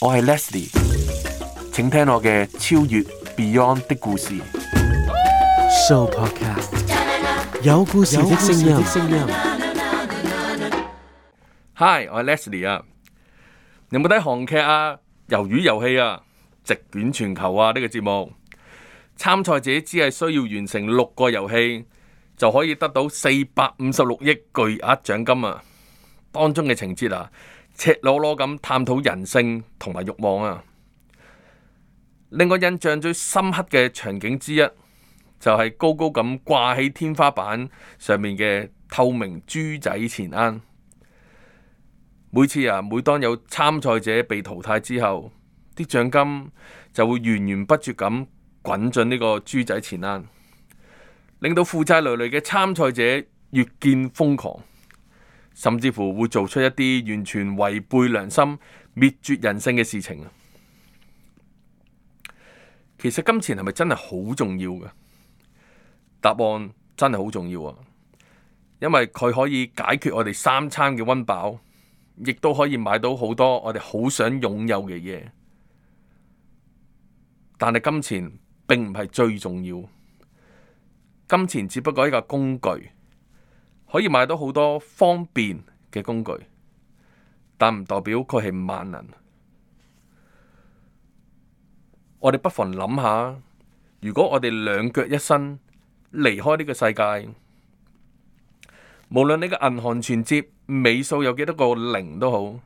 我係 Leslie，請聽我嘅超越 Beyond 的故事。So Podcast，有故事的聲音。Hi，我係 Leslie 啊。有冇睇韓劇啊？魷魚遊戲啊？席捲全球啊！呢、這個節目參賽者只係需要完成六個遊戲，就可以得到四百五十六億巨額獎金啊！當中嘅情節啊！赤裸裸咁探討人性同埋欲望啊！令我印象最深刻嘅場景之一，就係、是、高高咁掛喺天花板上面嘅透明豬仔錢罌。每次啊，每當有參賽者被淘汰之後，啲獎金就會源源不絕咁滾進呢個豬仔錢罌，令到負債累累嘅參賽者越見瘋狂。甚至乎會做出一啲完全違背良心、滅絕人性嘅事情啊！其實金錢係咪真係好重要嘅？答案真係好重要啊！因為佢可以解決我哋三餐嘅溫飽，亦都可以買到好多我哋好想擁有嘅嘢。但係金錢並唔係最重要，金錢只不過係一個工具。可以買到好多方便嘅工具，但唔代表佢係萬能。我哋不妨諗下，如果我哋兩腳一伸離開呢個世界，無論你嘅銀行存摺尾數有幾多個零都好，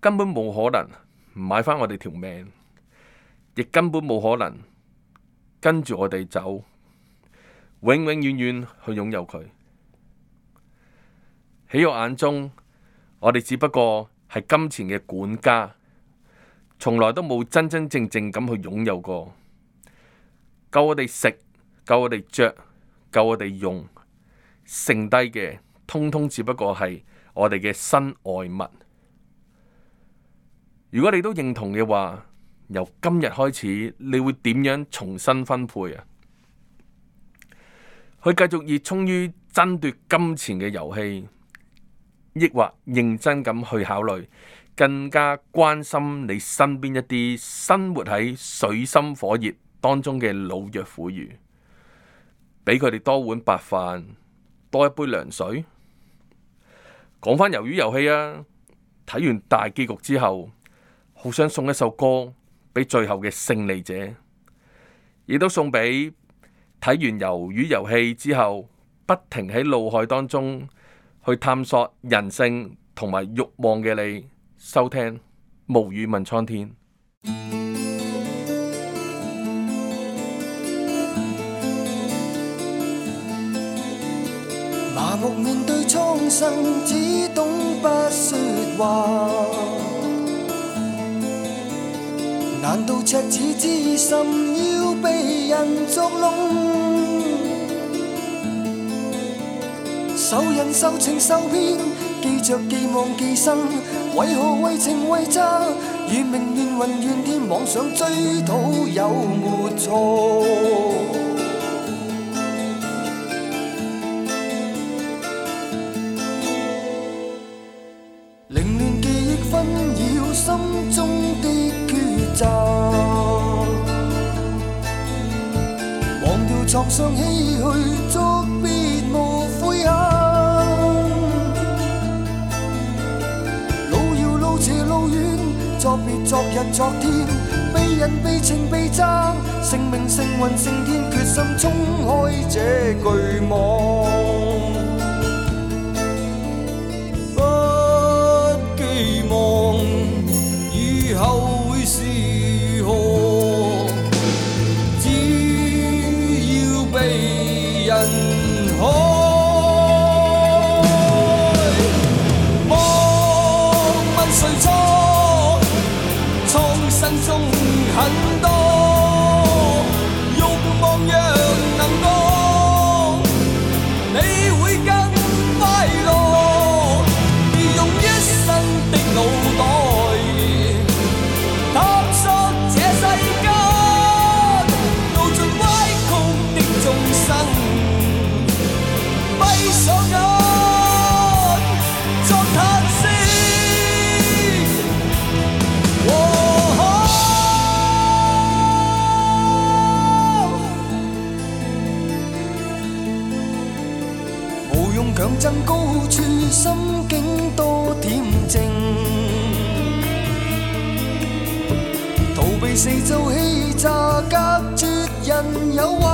根本冇可能買返我哋條命，亦根本冇可能跟住我哋走，永永遠遠去擁有佢。喺我眼中，我哋只不過係金錢嘅管家，從來都冇真真正正咁去擁有過。夠我哋食，夠我哋着，夠我哋用，剩低嘅通通只不過係我哋嘅身外物。如果你都認同嘅話，由今日開始，你會點樣重新分配啊？去繼續熱衷於爭奪金錢嘅遊戲？抑或認真咁去考慮，更加關心你身邊一啲生活喺水深火熱當中嘅老弱婦孺。俾佢哋多碗白飯，多一杯涼水。講返魷魚遊戲啊，睇完大結局之後，好想送一首歌俾最後嘅勝利者，亦都送俾睇完魷魚遊戲之後，不停喺怒海當中。去探索人性同埋慾望嘅你，收聽《無語問蒼天》。麻木面對蒼生，只懂不説話。難道赤子之心要被人捉弄？受人受情受騙，記着記忘記生，為何為情為渣？怨命怨運怨天，妄想追討有沒錯？凌亂 記憶紛擾心中的抉擇，忘掉創傷唏噓。昨日昨天，被人被情被憎，性命勝運勝天，決心衝開這巨網。強震高處，心境多恬靜。逃避四周欺詐，隔絕人誘惑。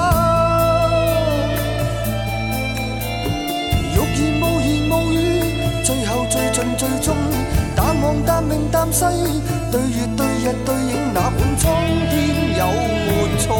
欲言無言無語，最後最盡最終，淡忘淡名淡西。對月對日對影，哪管蒼天有沒錯？